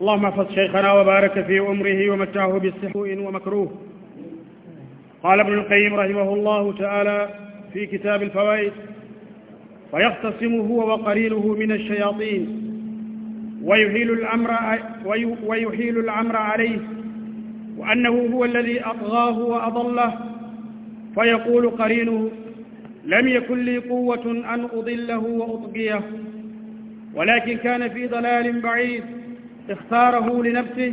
اللهم احفظ شيخنا وبارك في أمره ومتعه بالسحوء ومكروه قال ابن القيم رحمه الله تعالى في كتاب الفوائد فيختصم هو وقرينه من الشياطين ويحيل الأمر, ويحيل الأمر عليه وأنه هو الذي أطغاه وأضله فيقول قرينه لم يكن لي قوة أن أضله وأطغيه ولكن كان في ضلال بعيد اختاره لنفسه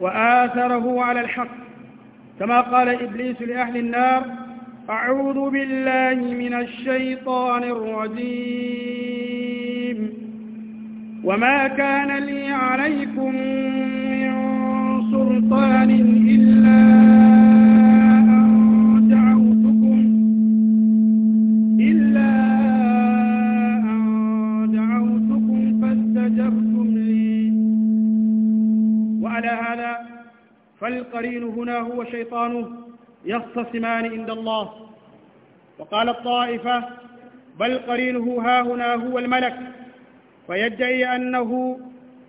وآثره على الحق كما قال إبليس لأهل النار أعوذ بالله من الشيطان الرجيم وما كان لي عليكم من سلطان إلا فالقرين هنا هو شيطانه يختصمان عند الله وقال الطائفة بل قرينه ها هنا هو الملك فيدعي أنه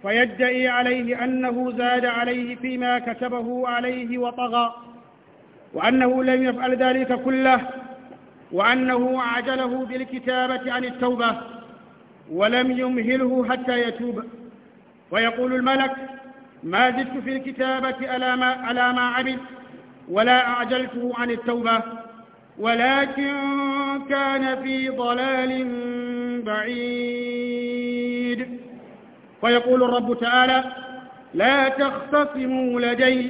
فيدعي عليه أنه زاد عليه فيما كتبه عليه وطغى وأنه لم يفعل ذلك كله وأنه عجله بالكتابة عن التوبة ولم يمهله حتى يتوب ويقول الملك ما زدت في الكتابة على ما, على ما عمل ولا أعجلته عن التوبة ولكن كان في ضلال بعيد ويقول الرب تعالى لا تختصموا لدي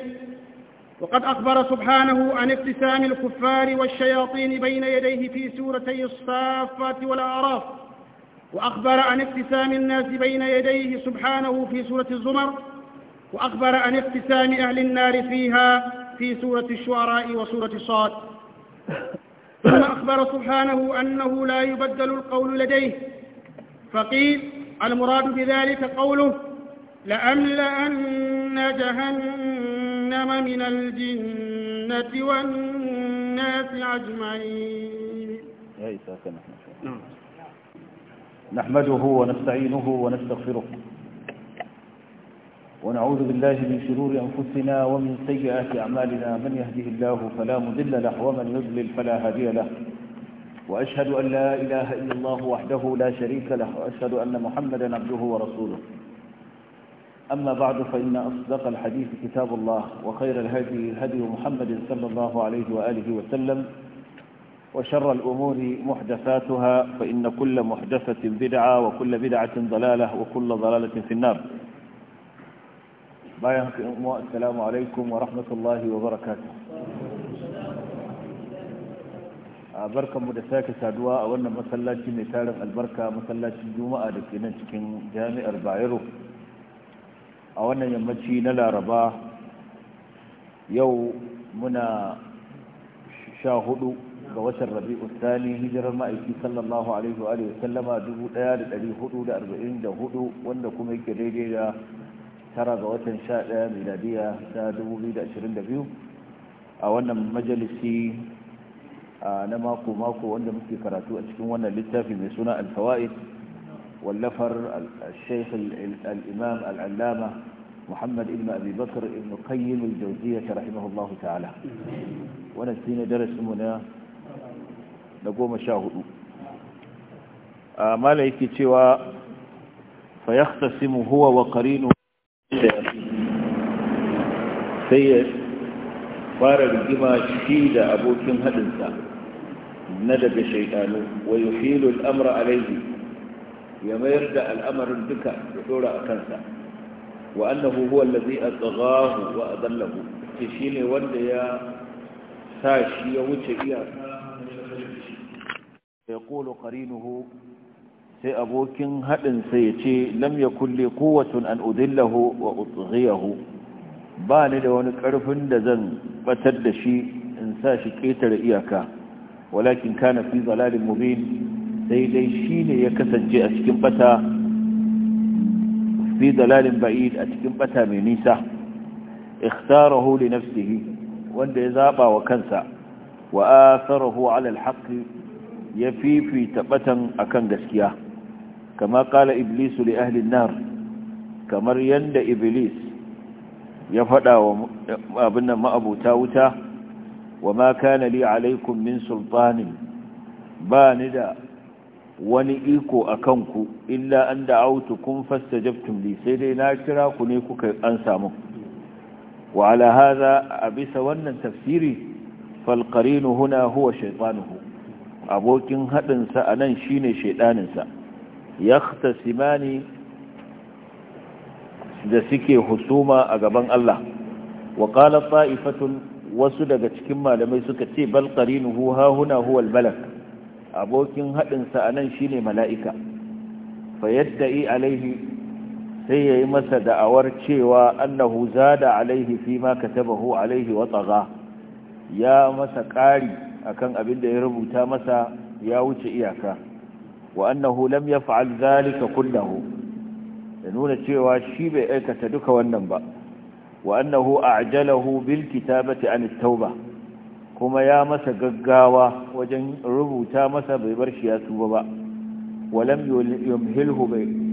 وقد أخبر سبحانه عن اقتسام الكفار والشياطين بين يديه في سورتي الصافات والأعراف وأخبر عن اقتسام الناس بين يديه سبحانه في سورة الزمر وأخبر عن اقتسام أهل النار فيها في سورة الشعراء وسورة الصاد ثم أخبر سبحانه أنه لا يبدل القول لديه فقيل المراد بذلك قوله لأملأن جهنم من الجنة والناس أجمعين نعم. نحمده ونستعينه ونستغفره ونعوذ بالله من شرور أنفسنا ومن سيئات أعمالنا من يهده الله فلا مضل له ومن يضلل فلا هادي له وأشهد أن لا إله إلا الله وحده لا شريك له وأشهد أن محمدا عبده ورسوله أما بعد فإن أصدق الحديث كتاب الله وخير الهدي هدي محمد صلى الله عليه وآله وسلم وشر الأمور محدثاتها فإن كل محدثة بدعة وكل بدعة ضلالة وكل ضلالة في النار bayan haka yan assalamu alaikum wa rahmatullahi wa barakatuh barkanmu da sake saduwa a wannan masallaci mai tarin albarka masallacin juma'a da ke nan cikin jami'ar bayero a wannan yammaci na laraba yau muna sha hudu ga watan rabi'u thani hijirar ma'aiki sallallahu alaihi wa sallama 1444 wanda kuma yake daidai da tara ga watan 11 miladiya ta 2022 a wannan majalisi na mako-mako wanda muke karatu a cikin wannan littafi mai suna alfawa'id wallafar al-shaykh al-imam al-allama muhammad ibn abi bakar ibn qayyim al-jawziyya rahimahullah ta'ala wannan shine darasin mu na na 14 mala yake cewa fa yaqtasimu huwa wa qarinu sai ya fara rigima shi da abokin haɗinsa na daga shaidanu wa yuhilu al'amra alaihi ya mayar da al'amarin duka ya ɗora a kansa wa annahu huwa allazi atghahu wa adallahu ce shine wanda ya sa shi ya wuce iyaka ya qulu qarinuhu sai abokin haɗin sai ya ce lam ya kulle kowacin an udillahu wa utsiyahu ba ni da wani ƙarfin da zan batar da shi in sa shi ƙetare iyaka walakin kana fi zalalin mubin sai dai shi ne ya kasance a cikin bata fi zalalin ba'id a cikin bata mai nisa ikhtarahu li nafsihi wanda ya zaba wa kansa wa atharahu ala alhaqi ya fifita batan akan gaskiya kama kala iblis li ahli nar kamar yadda iblis ya fada wa abin nan ma'abuta wuta wa ma kana li alaikum min sultanin ba ni da wani iko a kanku illa an da'autu kun fastajabtum li sai dai na kira ku ne kuka an samu wa ala hadha a bisa wannan tafsiri fal qarinu huna huwa shaytanuhu abokin haɗinsa sa anan shine shaydanin sa yaktasimani da suke husuma a gaban Allah wa qala ta'ifatun wasu daga cikin malamai suka ce bal qarinuhu ha huna huwa al malak abokin hadin sa anan shine mala'ika fa yadda'i alaihi sai yayi masa da'awar cewa annahu zada alaihi fima katabahu alaihi wa tagha ya masa ƙari akan abin da ya rubuta masa ya wuce iyaka wa annahu lam yaf'al dhalika kullahu da nuna cewa shi bai aikata duka wannan ba wa annahu a'jalahu bil kitabati an at-tauba kuma ya masa gaggawa wajen rubuta masa bai bar shi ya tuba ba wa lam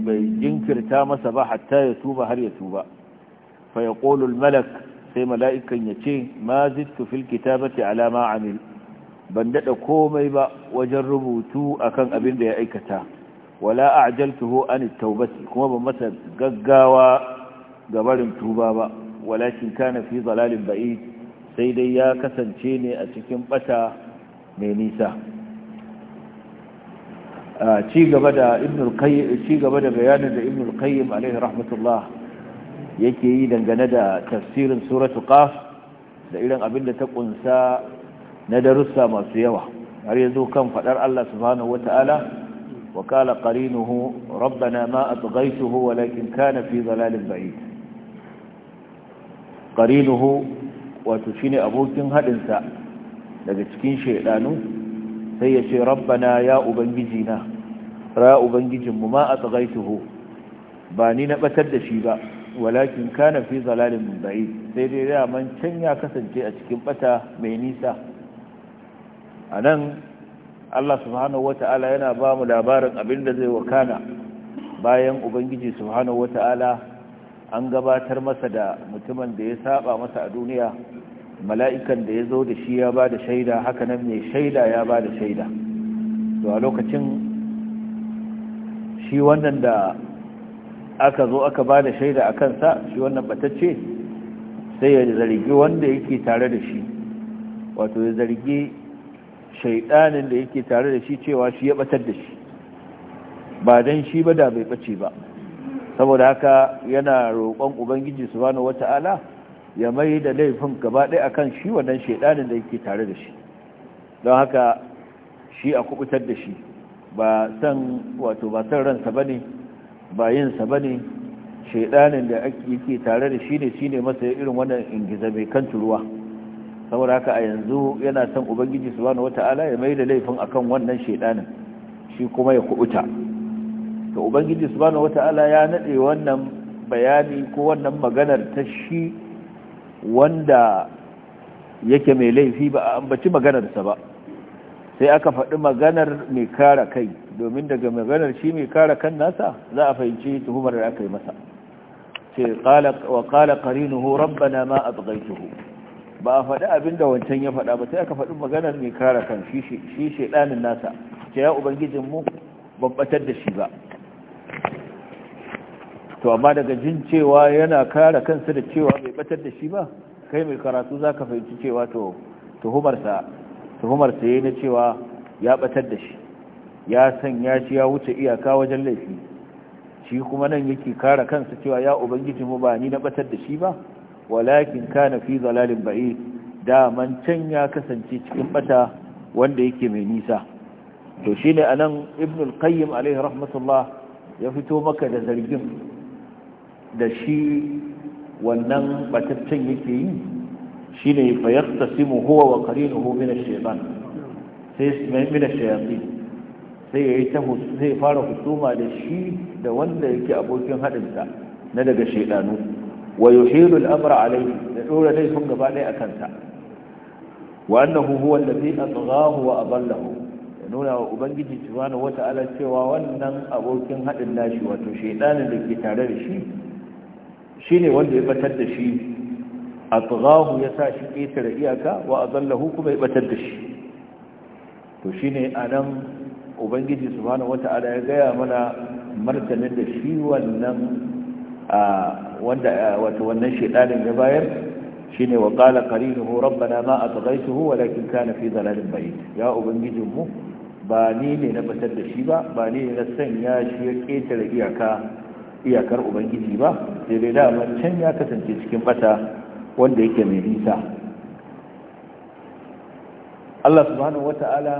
bai jinkirta masa ba hatta ya tuba har ya tuba fa yaqulu al-malak sai mala'ikan yace ma zidtu fil kitabati ala ma ban daɗa komai ba wajen rubutu akan abin da ya aikata wala a'jaltuhu an tawbati kuma ban masa gaggawa ga barin tuba ba wala kana fi dalalin ba'id sai dai ya kasance ne a cikin bata mai nisa ci gaba da ci gaba da bayanin da ibnul qayyim alaihi rahmatullah yake yi dangane da tafsirin suratul qaf da irin abin da ta kunsa na darussa masu yawa har yanzu kan fadar Allah subhanahu wata'ala wa qala qarinuhu rabbana ma atghaytuhu walakin kana fi dhalalin ba'id qarinuhu wato shine abokin hadin sa daga cikin shaydanu sai ya ce rabbana ya ubangiji na ra ubangijin mu ma atghaytuhu ba ni na batar da shi ba walakin kana fi dhalalin ba'id sai dai ya man can ya kasance a cikin bata mai nisa a nan allah subhanahu wata'ala yana ba mu labarin abin da zai wakana bayan ubangiji subhanahu wata'ala an gabatar masa da mutumin da ya saba masa a duniya mala'ikan da ya zo da shi ya ba da shaida haka nan mai shaida ya ba da shaida to a lokacin shi wannan da aka zo aka ba da shaida a kansa shi wannan batacce sai ya zargi wanda yake tare da shi wato ya zargi shaidanin da yake tare da shi cewa shi ya batar da shi ba dan shi ba da bai bace ba saboda haka yana roƙon ubangiji subhanahu wata'ala ya mai da laifin gaba ɗaya akan shi wannan shaidanin da yake tare da shi don haka shi a kubutar da shi ba san wato ba san ransa bane ba yin sa bane shaidanin da yake tare da shi ne shine masa irin wannan ingiza mai kan turuwa saboda haka a yanzu yana son ubangiji subhanahu wata'ala ya mai da laifin akan wannan shaidanin shi kuma ya kubuta to ubangiji subhanahu wata'ala ya nade wannan bayani ko wannan maganar ta shi wanda yake mai laifi ba a ambaci maganarsa ba sai aka faɗi maganar mai kara kai domin daga maganar shi mai kara kan nasa za a fahimci tuhumar da aka yi masa ce wa qala qarinuhu rabbana ma abghaytuhu ba a faɗi abin da wancan ya faɗa ba sai aka faɗi maganar mai kare kan shi shaidanin nasa ce ya ubangijinmu babbatar da shi ba to amma daga jin cewa yana kare kansa da cewa bai batar da shi ba kai mai karatu za ka fahimci cewa to tuhumarsa tuhumarsa ya na cewa ya batar da shi ya sanya shi ya wuce iyaka wajen laifi shi kuma nan yake kara kansa cewa ya ubangijinmu ba ni na batar da shi ba walakin kana fi zalalin ba'i da man can ya kasance cikin bata wanda yake mai nisa to shine anan ibn al-qayyim alaihi rahmatullah ya fito maka da zargin da shi wannan bataccen yake yi shine fa yaqtasimu huwa wa qarinuhu min ash-shaytan sai min ash-shayatin sai ya yi ta sai fara hutuma da shi da wanda yake abokin haɗinsa na daga shaidanu wa yuhilu al-amra alayhi da dora laifin gaba ɗaya a kansa wa annahu huwa allazi atghahu wa adallahu ya nuna wa ubangiji subhanahu wata'ala cewa wannan abokin haɗin nashi wato shaydanin da ke tare da shi shine wanda ya batar da shi atghahu ya sa shi ƙetare iyaka wa adallahu kuma ya batar da shi to shine anan ubangiji subhanahu wata'ala ya gaya mana martanin da shi wannan wanda wannan shedanin ya bayar shine wa qala qarinuhu rabbana ma atghaytuhu walakin kana fi dhalalin bayt ya ubangijin mu ba ni ne na fitar da shi ba ba ni ne na sanya shi ya ƙetare iyaka iyakar ubangiji ba sai dai da can ya kasance cikin bata wanda yake mai nisa Allah subhanahu wata'ala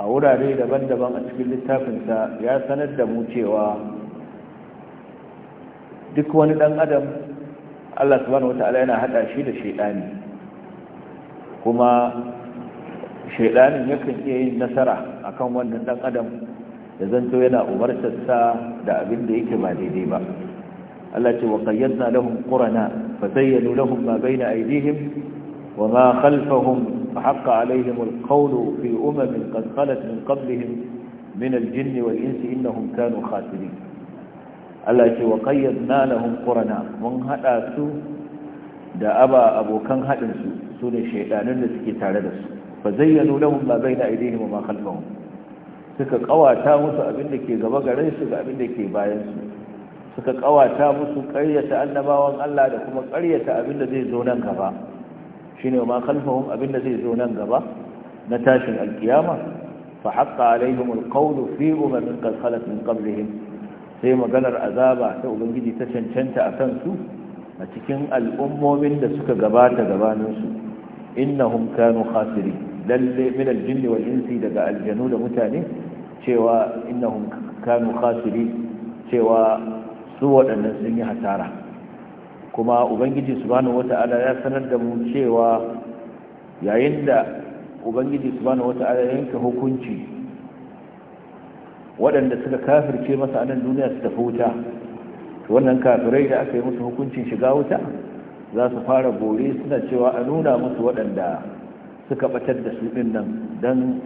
a wurare daban-daban a cikin littafinsa ya sanar da mu cewa duk wani dan adam Allah subhanahu wata'ala yana hada shi da shaidani kuma shaidanin yakan iya yin nasara akan wannan dan adam da zanto yana umartarsa da abin da yake ba daidai ba Allah ce wa qayyadna lahum qurana fazayyanu lahum ma bayna aydihim wa ma khalfahum fahaqqa alaihim alqawlu fi umamin qad khalat min qablihim min aljinni wal insi innahum kanu khasirin Allah ce wa qayyadna lahum qurana mun hada su da aba abokan hadin su ne shaydanin da suke tare da su ba zai yi fa zayyanu lahum ma baina aydihim wa ma khalfahum suka kawata musu abin da ke gaba gare su da abin da ke bayan su suka kawata musu ƙaryata annabawan Allah da kuma ƙaryata abin da zai zo nan gaba shi ne ma khalfahum abin da zai zo nan gaba na tashin alkiyama fa haqqa alaihim alqawlu fi umamin qad khalat min qablihim sai maganar azaba ta ubangiji ta cancanta a kansu a cikin al'ummomin da suka gabata gabaninsu innahum kanu khasiri lalle min aljinni wal insi daga aljanu da mutane cewa innahum kanu khasiri cewa su waɗannan sun yi hasara kuma ubangiji subhanahu wata'ala ya sanar da mu cewa yayin da ubangiji subhanahu wata'ala yanke hukunci waɗanda suka kafirce masa anan duniya su tafi wuta wannan kafirai da aka yi musu hukuncin shiga wuta za su fara bore suna cewa a nuna musu waɗanda suka batar da su ɗin nan don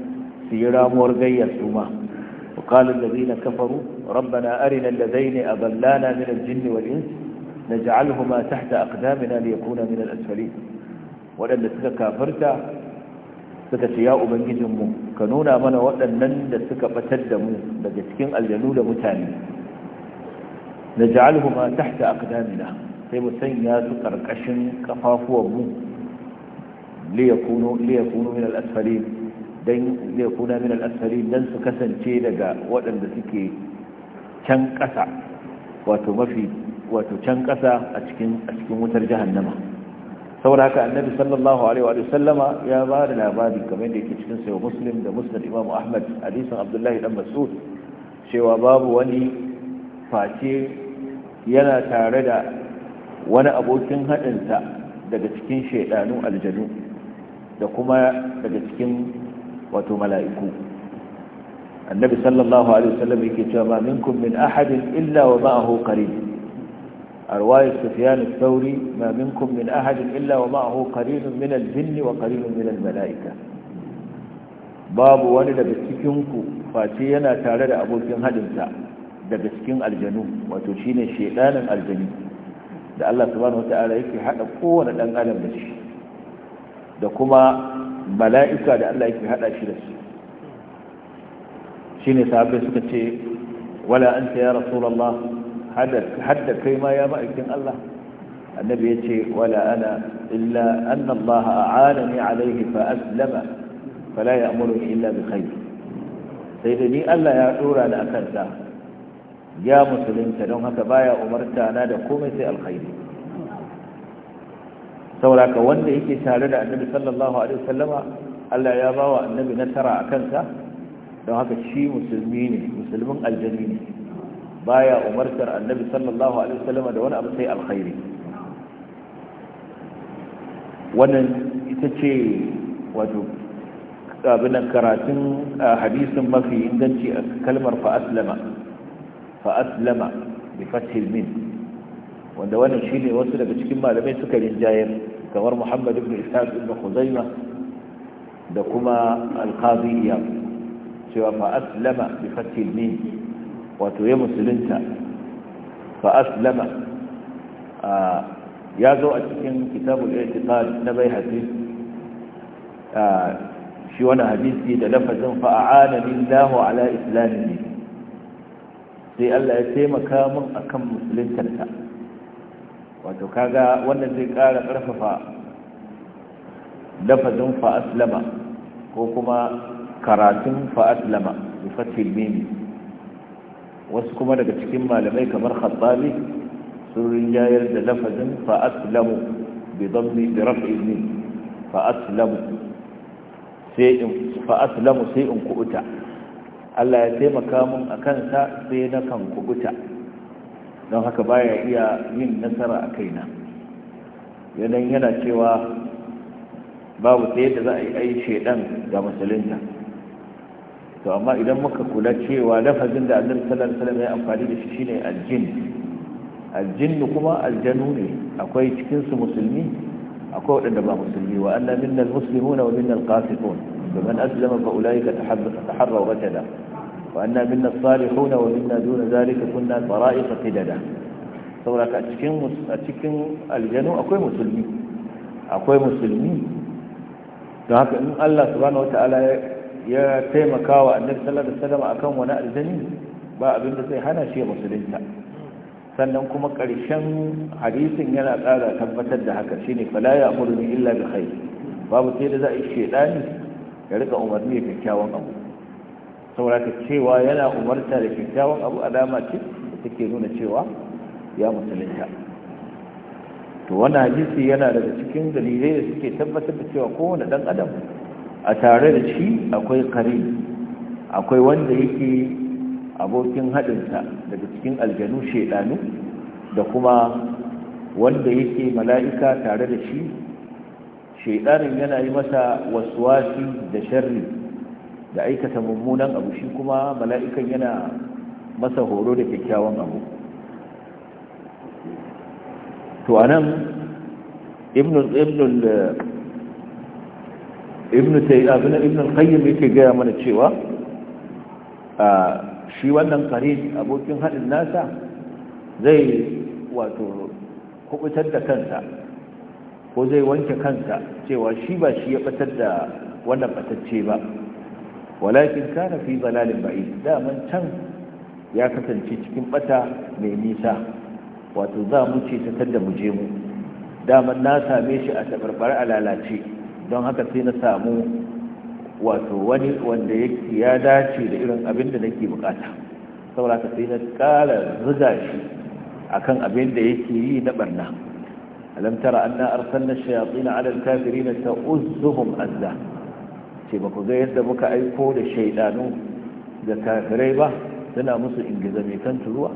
su yi ramuwar gayyar su ma وقال الذين كفروا ربنا أرنا الذين أضلانا من الجن a نجعلهما ne ya kuna min الأسفلين waɗanda suka kafarta suka ce ya ubangijinmu ka nuna mana waɗannan da suka batar da mu daga cikin aljanu da mutane da ja'alhu ma tahta aqdamina sai mu sanya su karkashin kafafuwanmu li yakunu li yakunu min al-asfalin dan li yakuna min al-asfalin dan su kasance daga waɗanda suke can ƙasa wato mafi wato can ƙasa a cikin a cikin wutar jahannama sauraka annabi sallallahu alaihi wa sallama ya ba da labari kamar da yake cikin sayo muslim da musnad imam ahmad hadisin abdullahi dan mas'ud cewa babu wani face yana tare da wani abokin haɗinsa daga cikin shaidanu aljanu da kuma daga cikin wato mala'iku annabi sallallahu alaihi wasallam yake cewa ma minkum min ahadin illa wa ma'ahu qarin رواية سفيان الثوري ما منكم من أحد إلا ومعه قليل من الجن وقليل من الملائكة باب ولد بسكنك فاتينا تارد أبو كن هدمتا da cikin aljanu wato shine shedanin aljanu da Allah subhanahu wataala yake hada kowane dan adam da shi da kuma mala'ika da Allah yake hada shi da su shine sahabbai suka ce wala anta ya rasulullah hadda kai ma ya ma'aikin Allah annabi ya ce wala ana illa anna Allah a'anani alaihi fa aslama fala ya'muruni illa bi khair sai da ni Allah ya dora ni akan sa ya musulunta don haka baya umarta na da komai sai alkhairi sauraka wanda yake tare da annabi sallallahu alaihi wasallama Allah ya bawa annabi nasara akan sa don haka shi musulmi ne musulmin aljanni ne baya umartar annabi sallallahu alaihi wasallam da wani abu sai alkhairi wannan ita ce wato karatun hadisin mafi inganci a kalmar fa'aslama fa'aslama bi fathil min wanda wannan shine wasu daga cikin malamai suka rinjayar kamar muhammad ibn ishaq ibn da kuma al iyad cewa fa'aslama bi fathil min wato ya musulunta fa aslama ya zo a cikin kitabul i'tiqad na bai baihaqi shi wani hadisi da lafazin fa a'ana lillahu ala islamihi sai Allah ya taimaka min akan musuluntarta wato kaga wannan zai kara ƙarfafa lafazin fa aslama ko kuma karatun fa aslama bi fathil mim wasu kuma daga cikin malamai kamar khattabi sun rinjayar da lafazin fa bi dhammi bi raf'i min fa sai in fa sai in kubuta Allah ya taimaka mun akan sa sai na kan kubuta don haka baya iya yin nasara a kaina yadan yana cewa babu ta da za a yi ai shedan ga musulunta to amma idan muka kula cewa lafazin da annabi sallallahu alaihi wasallam ya amfani da shi shine aljin aljin kuma aljanu ne akwai cikin su musulmi akwai wadanda ba musulmi wa anna minna almuslimuna wa minna alqasitun faman aslama fa ulaika tahabba taharraw rajada wa anna minna as-salihuna wa minna duna zalika kunna tara'iqa qidada saboda a cikin a cikin aljanu akwai musulmi akwai musulmi don haka in Allah subhanahu ta'ala ya ya taimaka wa annabi sallallahu alaihi wasallam akan wani aljani ba abin da zai hana shi musulunta sannan kuma ƙarshen hadisin yana ƙara tabbatar da haka shine fala ya amuru illa bi khair babu sai da za a yi shedani ya rika umarni da kyakkyawan abu saboda cewa yana umarta da kyakkyawan abu alama ce da take nuna cewa ya musulunta to wannan hadisi yana daga cikin dalilai da suke tabbatar da cewa kowane dan adam a tare da shi akwai kare akwai wanda yake abokin haɗinsa daga cikin aljanu shaidanu da kuma wanda yake mala'ika tare da shi shaidanin yana yi masa wasuwasi da sharri da aikata mummunan abu shi kuma mala'ikan yana masa horo da kyakkyawan abu to anan ibnul ta yi abin ibn al-qayyim yake gaya mana cewa shi wannan qarin abokin hadin nasa zai wato kubutar da kansa ko zai wanke kansa cewa shi ba shi ya batar da wannan batacce ba walakin kana fi balalin ba'id daman can ya kasance cikin bata mai nisa wato za mu ce ta da mu je mu daman na same shi a tabarbar a lalace don haka sai na samu wato wani wanda yake ya dace da irin abin da nake bukata saboda sai na kara zuga shi akan abin da yake yi na barna alam tara anna arsalna shayatin ala alkafirina ta'uzzuhum azza ce ba ku ga yadda muka aiko da shaidanu da kafirai ba suna musu ingiza mai kan turuwa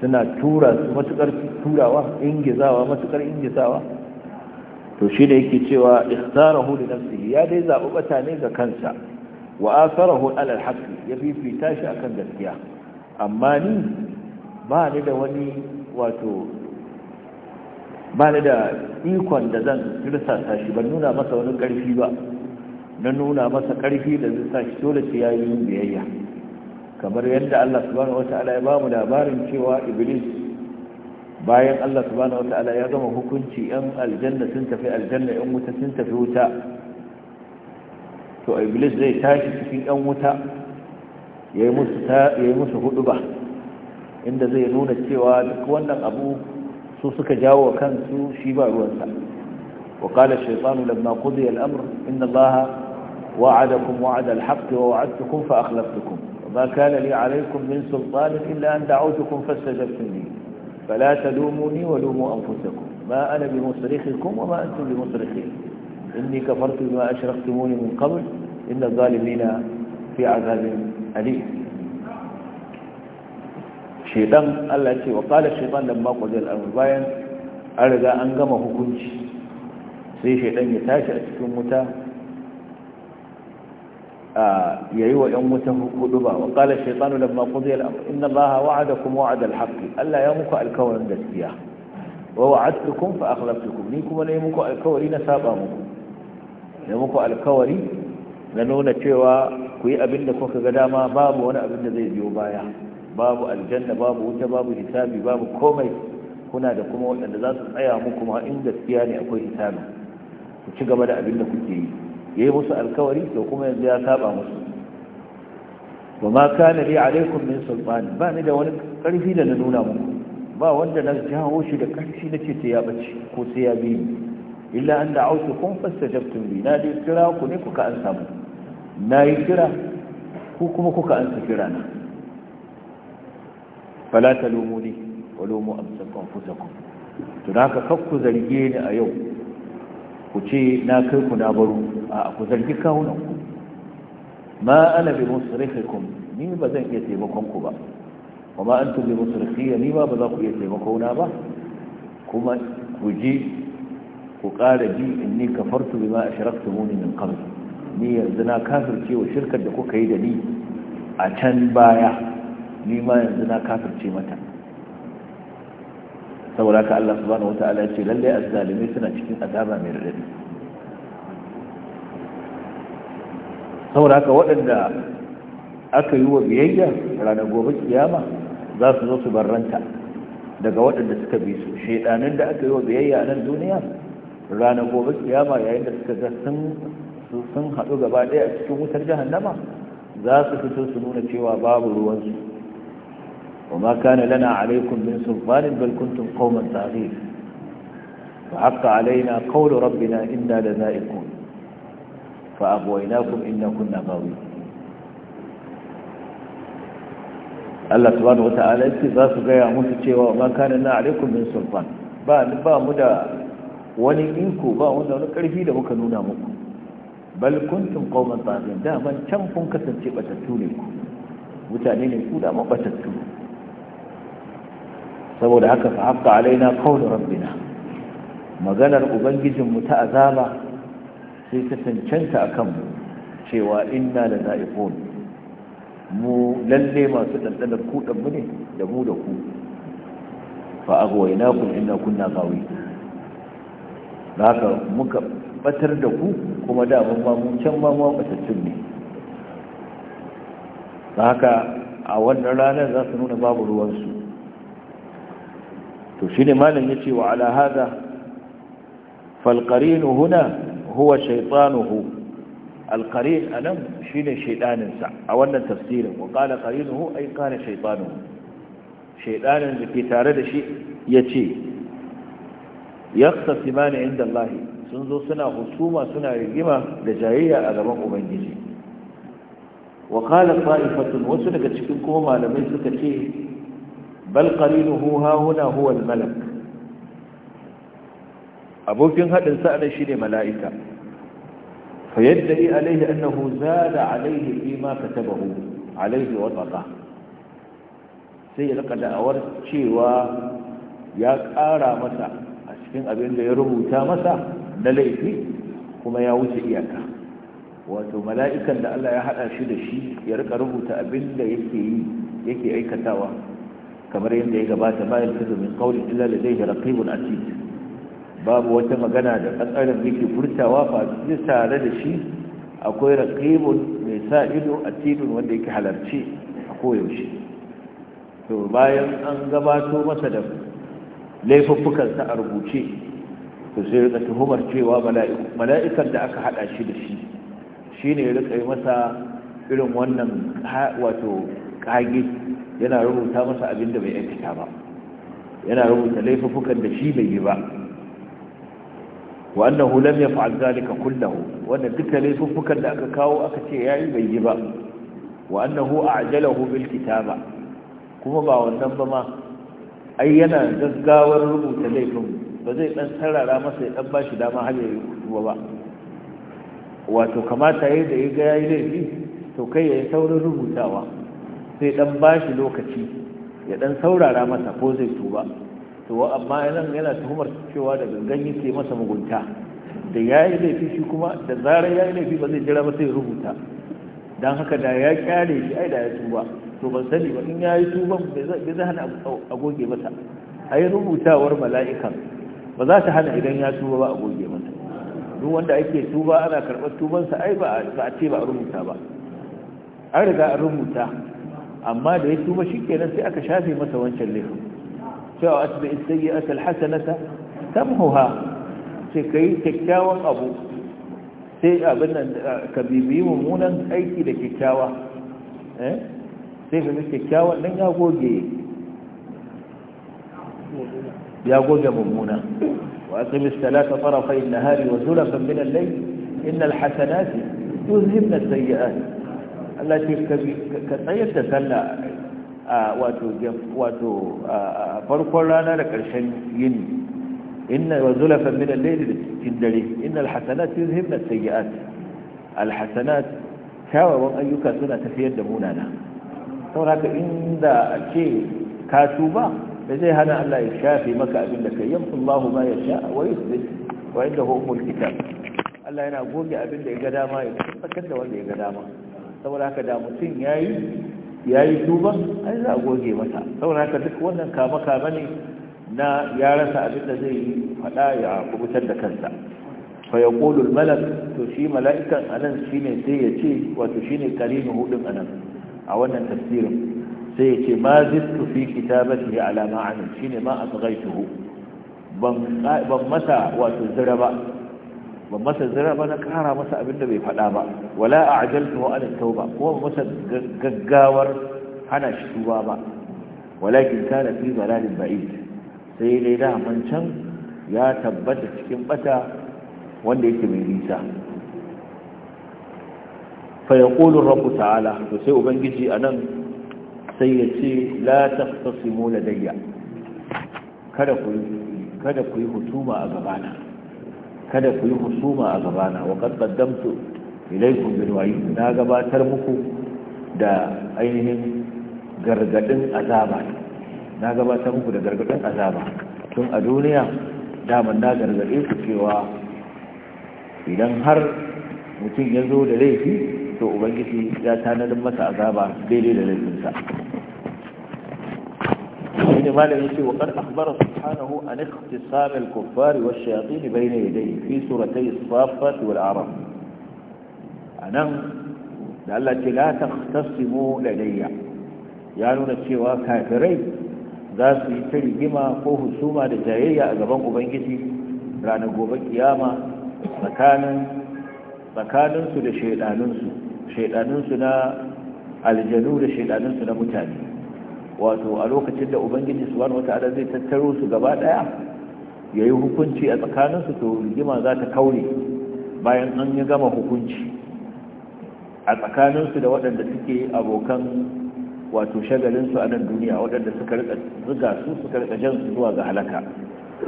suna tura su matukar turawa ingizawa matukar ingizawa to shi da yake cewa ikhtarahu li nafsihi ya dai zabi batane ga kansa wa atharahu ala al ya fifita shi akan gaskiya amma ni ba ni da wani wato ba ni da ikon da zan tirsasa shi ban nuna masa wani karfi ba na nuna masa karfi da zai sa shi dole sai yayi biyayya kamar yadda Allah subhanahu wataala ya ba mu labarin cewa Iblis bayan Allah subhanahu wata'ala ya gama hukunci ɗan aljanna sun tafi aljanna ɗan wuta sun tafi wuta to iblis zai tashi cikin ɗan wuta ya yi musu ta ya musu hudu ba inda zai nuna cewa duk wannan abu su suka jawo kansu shi ba ruwansa wa qala shaytanu lamma qudiya al-amr inna allaha wa'adakum wa'ada al-haqqi wa wa'adtukum fa akhlaftukum ma kana li alaykum min sultanin illa an da'awtukum fastajabtum li فلا تلوموني ولوموا أنفسكم ما أنا بمصرخكم وما أنتم بمصرخي إني كفرت بما أشركتموني من قبل إن الظالمين في عذاب أليم shaitan Allah ce wa kala shaitan da ma kwaje al'amur bayan an riga an gama hukunci sai shaiɗan ya tashi a cikin wuta yayi wa yan wuta hudu ba wa qala da ma kudu al-amr inna allaha kuma wa'ada al Allah ya muku alkawarin gaskiya wa wa'adtukum fa akhlaftukum ni kuma ne muku alkawari na saba muku ne muku alkawari na nuna cewa ku yi abin da kuka ga dama babu wani abin da zai biyo baya babu aljanna babu wuta babu hisabi babu komai kuna da kuma waɗanda za su tsaya muku ma in gaskiya ne akwai hisabi ku ci gaba da abin da kuke yi ya yi musu alkawari to kuma yanzu ya saba musu ba ma kana li alaikum min sultan ba ni da wani karfi da na nuna muku ba wanda na jawo shi da karfi na ce sai ya bace ko sai ya bi illa an fasta fastajabtum li na dai kira ku ne kuka an samu na yi kira ku kuma kuka an kira na fala ne, wa lumu amsakum fusakum to haka kakku zarge ni a yau ku ce na kai ku na baro a ku zargi kawunan ku ma ana bi musrifikum ni ba zan iya taimakon ku ba wa ma antum musu musrifiya ni ba ba za ku iya na ba kuma ku ji ku ƙara ji inni kafartu bima ashraktumuni min qabl ni yanzu na kafirce wa shirkar da kuka yi da ni a can baya ni ma yanzu na kafirce mata saboda ka Allah subhanahu wa ya ce lalle azzalimi suna cikin azaba mai radadi saboda ka waɗanda aka yi wa biyayya ranar gobe kiyama za su zo su barranta daga waɗanda suka bi su shaidanin da aka yi wa biyayya a nan duniya ranar gobe kiyama yayin da suka ga sun haɗu gaba ɗaya a cikin wutar jahannama za su fito su nuna cewa babu ruwansu وما كان لنا عليكم من سلطان بل كنتم قوما تعظيم فحق علينا قول ربنا إنا لذائقون فأغويناكم إنا كنا غاوين الله سبحانه وتعالى اتباس غير مفتشي وما كان لنا عليكم من سلطان با نبا مدى وني إنكو با ونو نكرهي لبك نونا مكم بل كنتم قوما تعظيم دائما كم فنكتن تبتتونيكم متعنين ما مبتتونيكم saboda haka fa haqqa alaina qawlu rabbina maganar ubangijinmu ta azaba sai ta cancanta akan mu cewa inna la za'iqun mu lalle masu dandanar kudan ne da mu da ku fa kun inna kunna ghawi haka muka batar da ku kuma da mun ba mun can ma mu batattun ne haka a wannan ranar za su nuna babu ruwansu to shine malam yace wa ala hada fal qarin huna huwa shaytanuhu al qarin anan shine shaydanin sa a wannan tafsirin wa qala qarinuhu ay qala shaytanuhu shaydanin da ke tare da shi yace yaqtasimani inda Allah sun zo suna husuma suna rigima da jayayya a gaban ubangiji wa qala ta'ifatun wasu daga cikin kuma malamai suka ce bal qarinuhu huna huwa al-malak abokin haɗin sa ne shine mala'ika fa yadda'i alayhi annahu zada alayhi fi ma katabahu alayhi wa taqa sai ya rika da'awar cewa ya ƙara masa a cikin abin da ya rubuta masa na laifi kuma ya wuce iyaka wato mala'ikan da Allah ya haɗa shi da shi ya rika rubuta abin da yake yi yake aikatawa kamar yadda ya gabata ma yalfizu min qawlin illa ladayhi raqibun atid babu wata magana da katsarin yake furtawa fa sai tare da shi akwai rakibun mai sa ido atidun wanda yake halarci a koyaushe to bayan an gabato masa da laifuffukansa a rubuce to sai rika tuhumar cewa mala'ikan da aka hada shi da shi shine ya rika yi masa irin wannan wato kage yana rubuta masa abin da bai aikata ba yana rubuta laifukan da shi bai yi ba wa annahu lam yaf'al zalika kullahu wanda duka laifukan da aka kawo aka ce yayi bai yi ba wa annahu a'jalahu bil kitaba kuma ba wannan ba ma ai yana gaggawar rubuta laifin ba zai dan sarara masa ya dan bashi dama har ya yi kutuwa ba wato kamata yayi da ya ga yayi laifi to kai ya yi saurin rubutawa sai dan bashi lokaci ya dan saurara masa ko zai tuba to amma yanan yana tuhumar cewa da gangan yake masa mugunta da yayi laifi shi kuma da zarar yayi laifi ba zai jira ba sai rubuta dan haka da ya kyale shi ai da ya tuba to ban sani ba in yayi tuban bai zai hana a goge masa ai rubutawar mala'ikan ba za ta hana idan ya tuba ba a goge masa duk wanda ake tuba ana karɓar tubansa ai ba a ce ba a rubuta ba an riga an rubuta amma da ya tuba kenan sai aka shafe masa wancan laifin cewa in as-sayyi'ata al-hasanata tamhuha sai kai kyakkyawan abu sai abin nan ka bibiyi mummunan aiki da kyakkyawa eh sai ka kyakkyawan nan ya goge ya goge mummuna وأقم الصلاة طرفي النهار وزلفا من الليل إن الحسنات يذهبن السيئات Allah ce ka tsayar da sallah wato farkon rana da ƙarshen yini inna wa zulafan min al-layli da cikin dare innal hasanat yuzhibna as-sayyi'at al-hasanat kyawawan ayyuka suna tafiyar da munana saboda haka inda ce ka tuba da zai hana Allah ya shafe maka abin da kai yamsu Allah ma ya sha wa yusbit wa indahu umul kitab Allah yana goge abin da ya ga dama ya tabbatar da wanda ya ga dama saboda haka da mutum ya yi duba ai za a goge mata saboda haka duk wannan kama kama ne na ya rasa abin da zai yi faɗa ya kubutar da kansa fa ya malak to shi mala'ikan anan shi ne sai ya ce wato shi ne hudun anan a wannan tafsirin sai ya ce ma zittu fi kitabati ala ma'anin shi shine ma a tsagaituhu ban mata wato zira ba ban masa zira ba na kara masa abin da bai faɗa ba wala a ajaltu ko alin tauba kuma ban masa gaggawar hana shi tuba ba walakin kana fi zalalin ba'id sai dai da can ya tabbata cikin bata wanda yake mai nisa fa yaqulu rabbu ta'ala to sai ubangiji anan sai ya ce la taqtasimu ladayya kada ku kada ku yi hutuma a gabana kada ku yi husuma a gabana wa kaddamtu qaddamtu bil wa'id na gabatar muku da ainihin gargadin azaba na gabatar muku da gargadin azaba tun a duniya daman na gargade ku cewa idan har mutum ya zo da laifi to ubangiji ya tanadin masa azaba daidai da laifinsa shine malamin yace wa qad akhbara subhanahu an ikhtisam al-kuffar wa ash-shayatin bayna yadayhi fi suratay as-saffat wal a'raf anan da Allah ce la takhtasimu ladayya ya nuna cewa kafirai za su yi ta rigima ko husuma da jayayya a gaban ubangiji ranar gobe kiyama tsakanin tsakaninsu da shaidaninsu shaidaninsu na aljanu da shaidaninsu na mutane wato a lokacin da ubangiji subhanahu wata'ala zai tattaro su gaba daya yayi hukunci a tsakanin su to rigima za ta kaure bayan an yi gama hukunci a tsakanin su da waɗanda suke abokan wato shagalin su a nan duniya waɗanda suka rika zuga su suka rika jan su zuwa ga halaka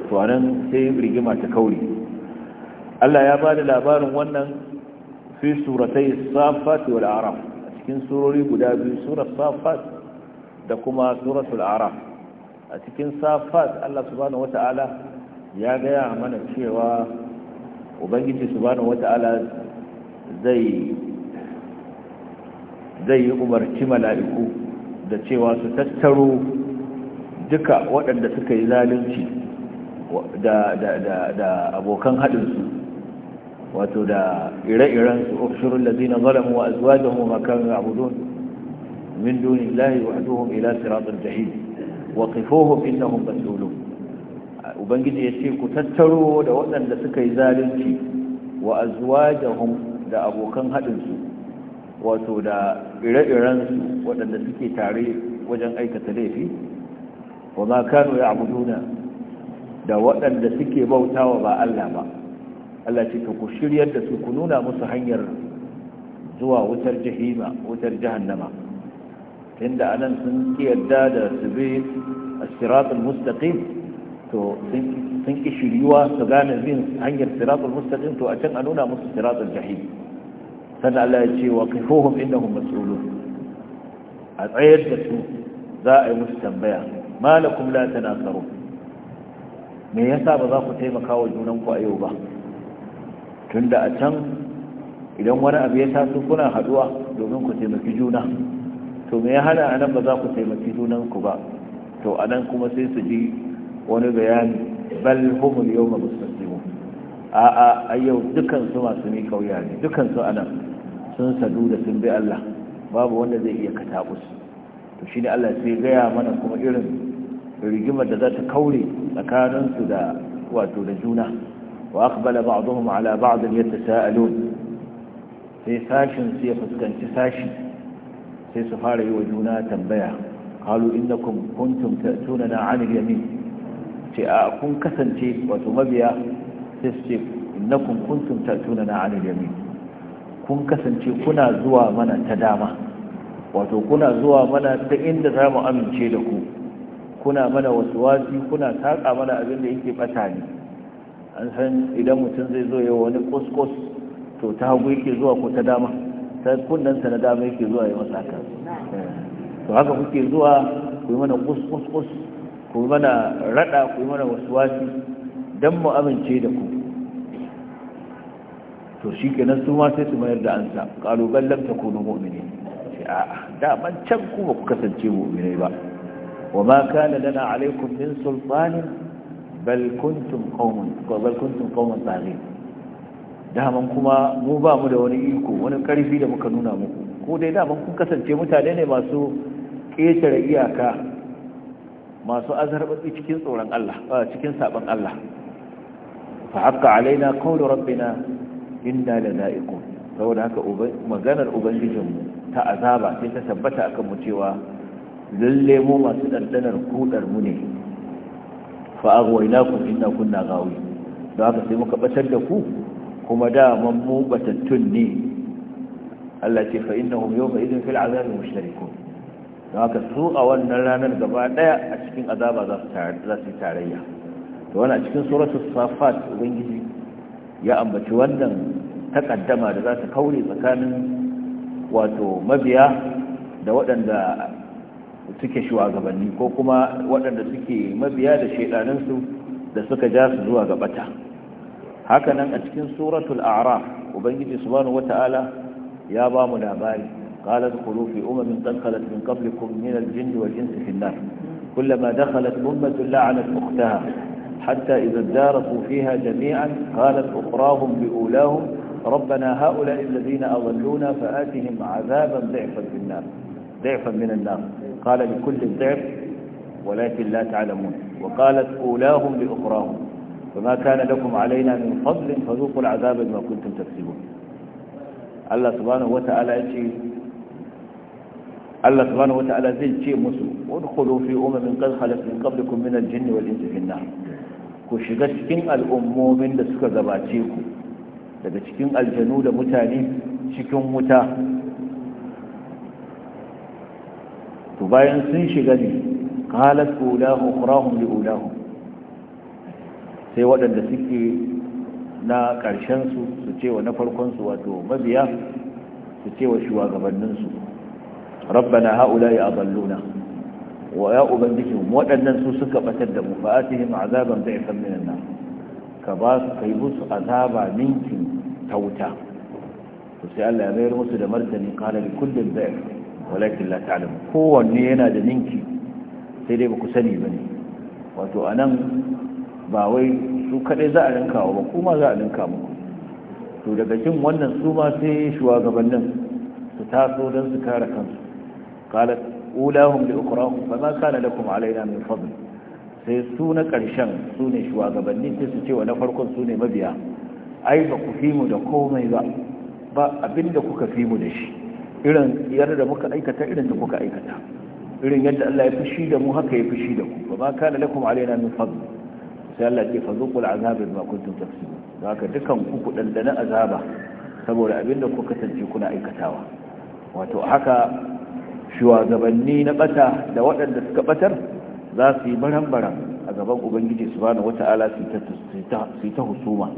to anan sai rigima ta kaure Allah ya bada labarin wannan fi suratai safat wal araf cikin surori guda biyu surar safat da kuma suratul araf a cikin safat Allah subhanahu wata'ala ya gaya mana cewa ubangiji subhanahu wata'ala zai zai umarci mala'iku da cewa su tattaro duka waɗanda suka yi zalunci da da da da abokan haɗinsu wato da ire-iren su ofshirul lazina zalamu wa azwajuhum makan ya'budun من دون الله وحدهم إلى صراط الجحيم وقفوهم إنهم مسؤولون وبنجي يشيك تتروا لوطن لسكي ذالنشي وأزواجهم لأبو كان هدنسو wato da ire-irensu waɗanda suke tare wajen aikata laifi wa ma kanu ya abuduna da waɗanda suke bautawa ba Allah ba Allah ce ku shiryar da su ku nuna musu hanyar zuwa wutar jahima wutar jahannama inda anan sun ki yadda da su bi siratul mustaqim to sun ki shiryuwa su gane bin hanyar siratul mustaqim to a can a nuna musu siratul jahim sannan Allah ya ce wa kifuhum innahum mas'ulun a tsayar da su za a yi musu tambaya malakum la tsaro. me yasa ba za ku taimaka wa junanku a yau ba tunda a can idan wani abu ya taso kuna haduwa domin ku taimaki juna to me ya hana anan ba za ku taimaki junanku ba to anan kuma sai su ji wani bayani bal humul yawma mustaslimu a a yau dukan su masu ne kauya ne dukan su anan sun sadu da sun bi Allah babu wanda zai iya katabus to ne Allah sai gaya mana kuma irin rigimar da za ta kaure tsakanin su da wato da juna wa aqbala ba'dhum ala ba'd yatasaalun sai sashin su ya fuskanci sashi sai su fara yi wa juna tambaya qalu innakum kuntum na 'anil yamin ce a kun kasance wato mabiya sai su ce innakum kuntum na 'anil yamin kun kasance kuna zuwa mana ta dama wato kuna zuwa mana ta inda za mu amince da ku kuna mana wasu wasi kuna saƙa mana abin da yake ɓata ne an san idan mutum zai zo yawa wani kuskus to ta hagu yake zuwa ko ta dama ta kunnan na dama yake zuwa ya masa haka eh. to haka kuke zuwa ku yi mana kus kus kus ku yi mana rada ku yi mana wasuwasi don mu amince da ku to shi kenan su ma sai su mayar da ansa kalubal lam takunu mu'minin sai a'a da can ku ba ku kasance mu'minai ba وما كان لنا عليكم من سلطان بل كنتم قوم بل كنتم daman kuma mu ba mu da wani iko wani karfi da muka nuna muku ko dai daman kun kasance mutane ne masu ƙetare iyaka masu azarbaɓi cikin tsoron Allah cikin saɓon Allah fa haka alaina qawlu rabbina inna lada'iqun saboda haka maganar ubangijinmu ta azaba sai ta tabbata akan mu cewa lalle mu masu ɗanɗanar kudar mu ne fa aghwaynakum inna kunna ghawin don haka sai muka batar da ku kuma daman mu batattun ne Allah ce fa innahum yawma idhin fil azabi mushtarikun don haka su a wannan ranar gaba daya a cikin azaba za su za su tarayya to wannan cikin suratul safat ubangiji ya ambaci wannan takaddama da za ta kaure tsakanin wato mabiya da waɗanda suke shugabanni ko kuma waɗanda suke mabiya da shaidanansu da suka ja su zuwa gabata haka nan a cikin suratul a'raf ubangiji subhanahu wata'ala ya ba mu labari qala dkhulu fi umamin dakhalat min qablikum min al-jinn wal insi fi an-nar kullama dakhalat ummatun la'anat ukhtaha hatta idha darasu fiha jami'an qalat ukhrahum bi ulahum ربنا هؤلاء الذين أضلونا فآتهم عذابا ضعفا في النار ضعفا من النار قال لكل ضعف ولكن لا تعلمون وقالت أولاهم لأخراهم فما كان لكم علينا من فضل فذوقوا العذاب بما كنتم تكسبون الله سبحانه وتعالى يجي الله سبحانه وتعالى زي شيء مسو وادخلوا في أمم قد خلت من قبلكم من الجن والإنس في النار كشغت كن الأموم لسك زباتيكم daga cikin aljanu da mutane cikin wuta to bayan sun shiga ne qalat ulahum ukhrahum li ulahum sai waɗanda suke na ƙarshensu su cewa na farkonsu wato mabiya su cewa shugabanninsu rabbana haula ya aballuna wa ya ubangijin waɗannan su suka batar da mu fa'atihim azaban da'ifan minan nar ka ba su kai musu azaba ninkin tauta to sai Allah ya mayar musu da martani qala li kullin da'if walakin la ta'lamu kowanne yana da ninki sai dai ba ku sani bane wato anan ba wai su kadai za a rinka ba kuma za a rinka muku to daga jin wannan su ma sai shugabannin su taso don su kare kansu qalat ulahum li ukrahum fa ma kana kuma alaina min fadl sai su na karshen su ne shugabanni sai su ce wa na farkon su ne mabiya ai ba ku fi mu da komai ba ba abinda kuka fi mu da shi irin yadda muka aikata irin da kuka aikata irin yadda Allah ya fushi da mu haka ya fushi da ku ba ma kana lakum alaina min fadl sai Allah ce fa azabi bima kuntum taksibun haka dukan ku ku dandana azaba saboda abinda ku kasance kuna aikatawa wato haka shugabanni na bata da waɗanda suka batar za su yi baran-baran a gaban ubangiji subhanahu wata'ala su ta husuma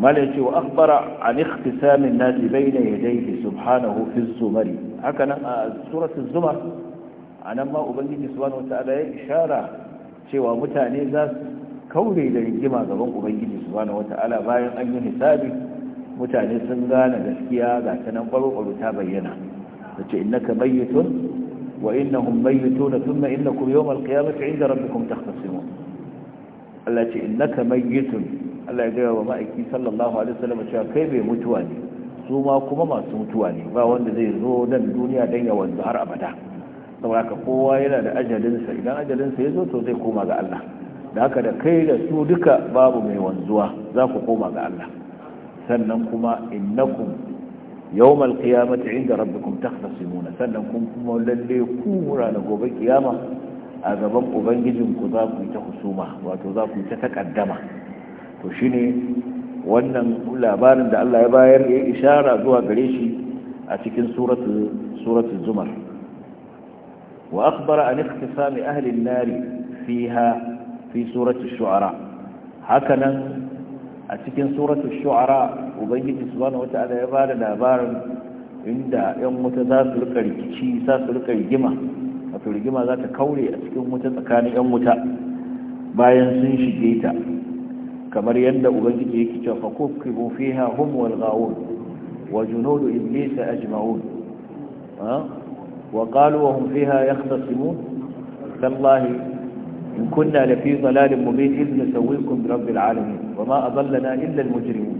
mala yace wa akbara an ikhtisamin nasi bayna yadayhi subhanahu fi zumari haka nan a suratul zumar anan ma ubangiji subhanahu wata'ala ya ishara cewa mutane za su kaure da rigima gaban ubangiji subhanahu wata'ala bayan an yi hisabi mutane sun gane gaskiya ga ta nan ta bayyana ta ce innaka mayyitun wa na mayyitun thumma innakum yawm al-qiyamati 'inda rabbikum takhtasimun Allah ce innaka mayyitun Allah ya gaya wa ma'aiki sallallahu alaihi wasallam cewa kai bai mutuwa ne su ma kuma masu mutuwa ne ba wanda zai zo nan duniya dan ya wanzu har abada sauraka kowa yana da ajalinsa idan ajalinsa ya zo to zai koma ga Allah da haka da kai da su duka babu mai wanzuwa za ku koma ga Allah sannan kuma innakum yawmal qiyamati inda rabbikum takhtasimuna sannan kun kuma lalle ku ranar gobe kiyama a gaban ubangijin ku za ku yi ta husuma wato za ku yi ta takaddama to shine wannan labarin da Allah ya bayar ya ishara zuwa gare shi a cikin suratul suratul zumar وأخبر عن اقتسام أهل النار فيها في سورة الشعراء هكذا أتكن سورة الشعراء وبيجي سبحانه وتعالى يبار الأبار عند يوم متذاك لك الكشي ساس لك الجمع wato rigima za ta kaure a cikin wuta tsakanin 'yan wuta bayan sun shige ta kamar yadda ubangiji yake cewa fakukibu fiha hum wal وقالوا وهم فيها يختصمون تالله إن كنا لفي ضلال مبين إذ نسويكم برب العالمين وما أضلنا إلا المجرمون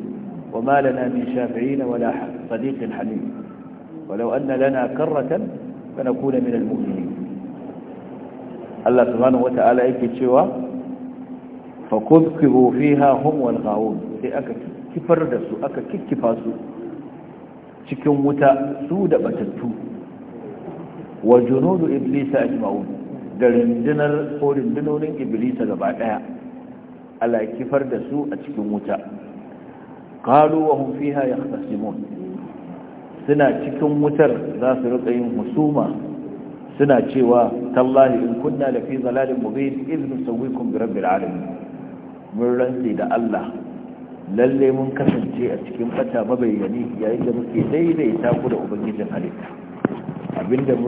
وما لنا من شافعين ولا صديق حليم ولو أن لنا كرة فنكون من المؤمنين الله سبحانه وتعالى يكتشوا فكبكبوا فيها هم والغاوون سي أكا كفردسوا أكا كفاسوا cikin wuta su wa junudu iblisa ajma'un da rundunar ko rundunonin iblisa gaba daya ala kifar da su a cikin wuta qalu wa hum fiha yaqtasimun suna cikin wutar za su rika yin husuma suna cewa tallahi in kunna la fi dhalalin mubin idh nusawwikum bi rabbil alamin mun rantsi da Allah lalle mun kasance a cikin bata mabayyani yayin da muke daidaita ku da ubangijin halitta abinda ya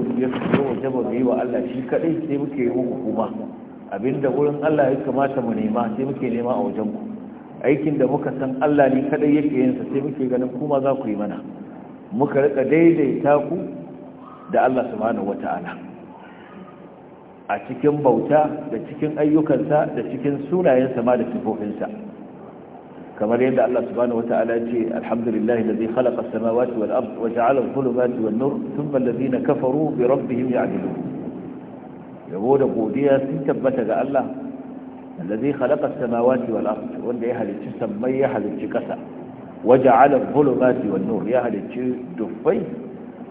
waje ba mu yi wa Allah shi kaɗai sai muke yi muku kuma abinda wurin Allah ya kamata mu nema sai muke nema a wajen ku aikin da muka san Allah ne kadai yake yin sa sai muke ganin kuma za ku yi mana muka rika daidaita ku da Allah subhanahu wata'ala a cikin bauta da cikin ayyukansa da cikin sunayensa ma da sifofinsa kamar yadda Allah subhanahu wata'ala ya ce alhamdulillahi alladhi khalaqa as-samawati wal ard wa ja'ala adh-dhulumati wan nur thumma alladhina kafaru bi rabbihim ya'dilun yabo da godiya sun tabbata ga Allah alladhi khalaqa as-samawati wal ard wanda ya halicci sammai ya halicci kasa wa ja'ala adh-dhulumati wan nur ya halicci dufai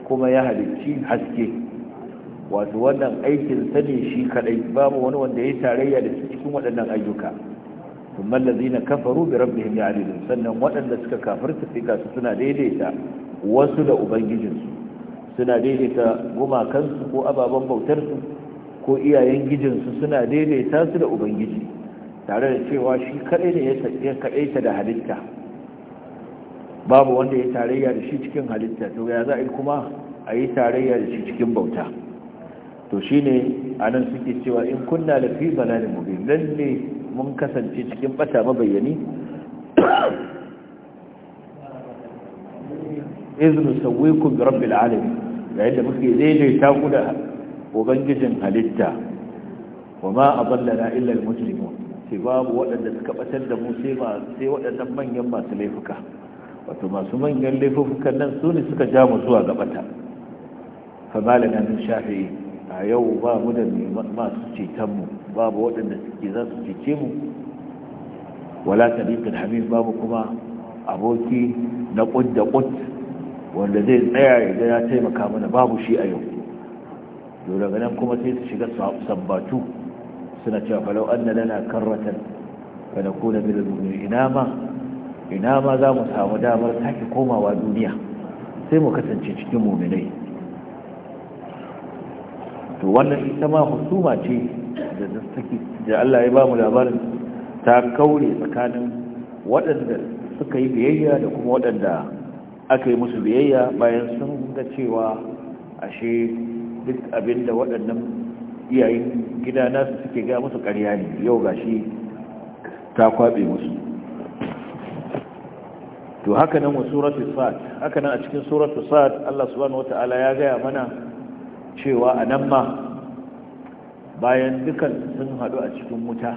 kuma ya halicci haske wato wannan aikin sani shi kadai babu wani wanda ya tarayya da cikin waɗannan ayyuka kuma allazina kafaru bi rabbihim ya'dilun sannan waɗanda suka kafirta fika su suna daidaita wasu da ubangijinsu suna daidaita gumakansu ko ababen bautarsu ko iyayen gijinsu suna daidaita su da ubangiji tare da cewa shi kadai ne ya kaɗaita da halitta babu wanda ya tarayya da shi cikin halitta to ya za a yi kuma a yi tarayya da shi cikin bauta to shine anan suke cewa in kunna lafi balalin mubin lalle mun kasance cikin bata mabayyani iznu sawwikum bi rabbil alamin yayin da muke daidaita ku da ubangijin halitta wama adallana illa al mujrimun sai babu waɗanda suka batar da mu sai ba sai waɗannan manyan masu laifuka wato masu manyan laifukan nan su ne suka ja mu zuwa gabata fa balana min shafi'i a yau ba mu da masu cetonmu babu waɗanda suke za su cece mu wala sadiqul hamim babu kuma aboki na kud da kud wanda zai tsaya idan ya taimaka mana babu shi a yau dole daga nan kuma sai su shiga sabbatu suna cewa falau anna lana karratan fa kuna min al ina ma ina ma za mu samu damar sake komawa duniya sai mu kasance cikin mu'minai to wannan ita ma husuma ce da da Allah ya ba mu labarin ta kaure tsakanin waɗanda suka yi biyayya da kuma waɗanda aka yi musu biyayya bayan sun ga cewa ashe duk abin da waɗannan iyayen gida nasu suke ga musu ƙarya ne yau gashi ta kwaɓe musu to haka nan wa suratul sad haka nan a cikin suratul sad Allah subhanahu wataala ya gaya mana cewa a nan ma bayan dukan sun haɗu a cikin wuta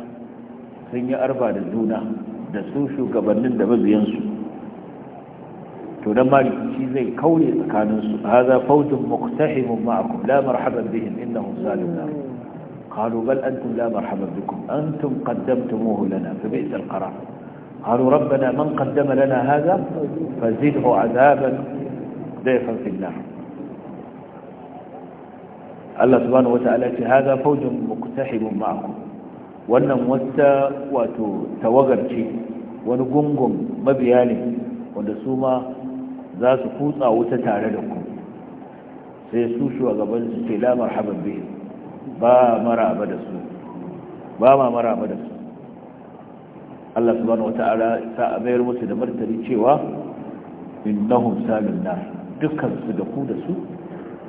sun yi arba da juna da su shugabannin da mabiyansu to nan ma rikici zai kaure tsakaninsu haza fautun muqtahimun ma'akum la marhaban bihim innahum salihun قالوا بل أنتم لا مرحبا بكم أنتم قدمتموه لنا فبئس القرار قالوا ربنا من قدم لنا هذا فزده عذابا ضيفا في النار Allah subhanahu wata'ala ce haza faujin muqtahimun ma'akum wannan wata wato tawagar wani gungun mabiya ne wanda su ma za su kutsa wuta tare da ku sai su gaban su ce lamar marhaban bihi ba maraba da su ba ma maraba da su Allah subhanahu wata'ala ta mayar musu da martani cewa innahum salun nar dukkan su da ku da su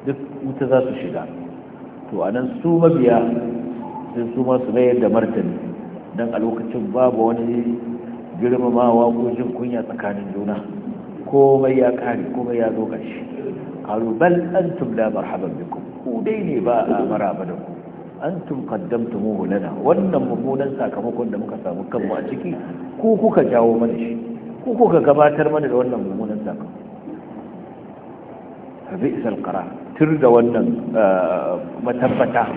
duk wuta za su shiga to anan su mabiya sun su masu mayar da martani don a lokacin babu wani girmamawa ko jin kunya tsakanin juna komai ya kare komai ya zo gashi. qalu bal antum la marhaban bikum ku dai ne ba a maraba da ku antum qaddamtumuhu lana wannan mummunan sakamakon da muka samu kanmu a ciki ku kuka jawo mana shi ku kuka gabatar mana da wannan mummunan sakamakon? fa bi'sal qarar tur da wannan eh, matabbata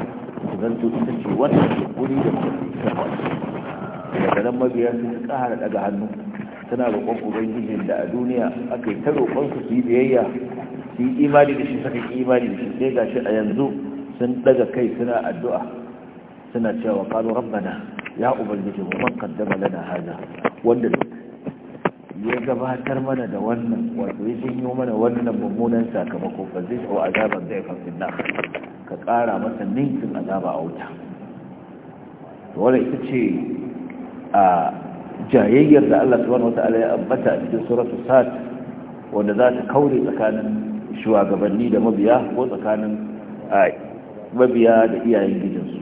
zan to ita ce wannan wuri da kuma daga nan mabiya sun kara daga hannu tana roƙon ubangijin da a duniya aka yi ta roƙon su yi biyayya su yi imani da shi saka imani da shi sai ga shi a yanzu sun daga kai suna addu'a suna cewa qalu rabbana ya ubangiji mu man lana hada wanda duk ya gabatar mana da wannan wato ya janyo mana wannan mummunan sakamako ba zai ko azaban zai kan finna ka kara masa ninkin azaba a wuta to ita ce a jayayyar da Allah su subhanahu wataala ya ambata a cikin suratul sad wanda za ta kaure tsakanin shugabanni da mabiya ko tsakanin mabiya da iyayen gidansu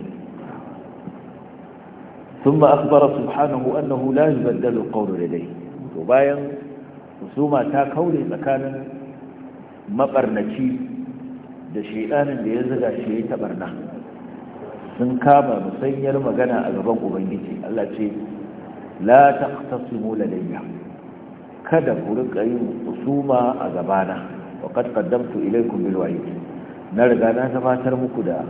ثم أخبر سبحانه أنه لا يبدل القول لديه to bayan husuma ta kaure tsakanin mabarnaci da shaidanin da ya zuga shi ya tabarna sun kama musanyar magana a gaban ubangiji Allah ce la taqtasimu ladayya kada ku rinka yin husuma a gabana wa qad qaddamtu ilaykum bil wa'id na riga na gabatar muku da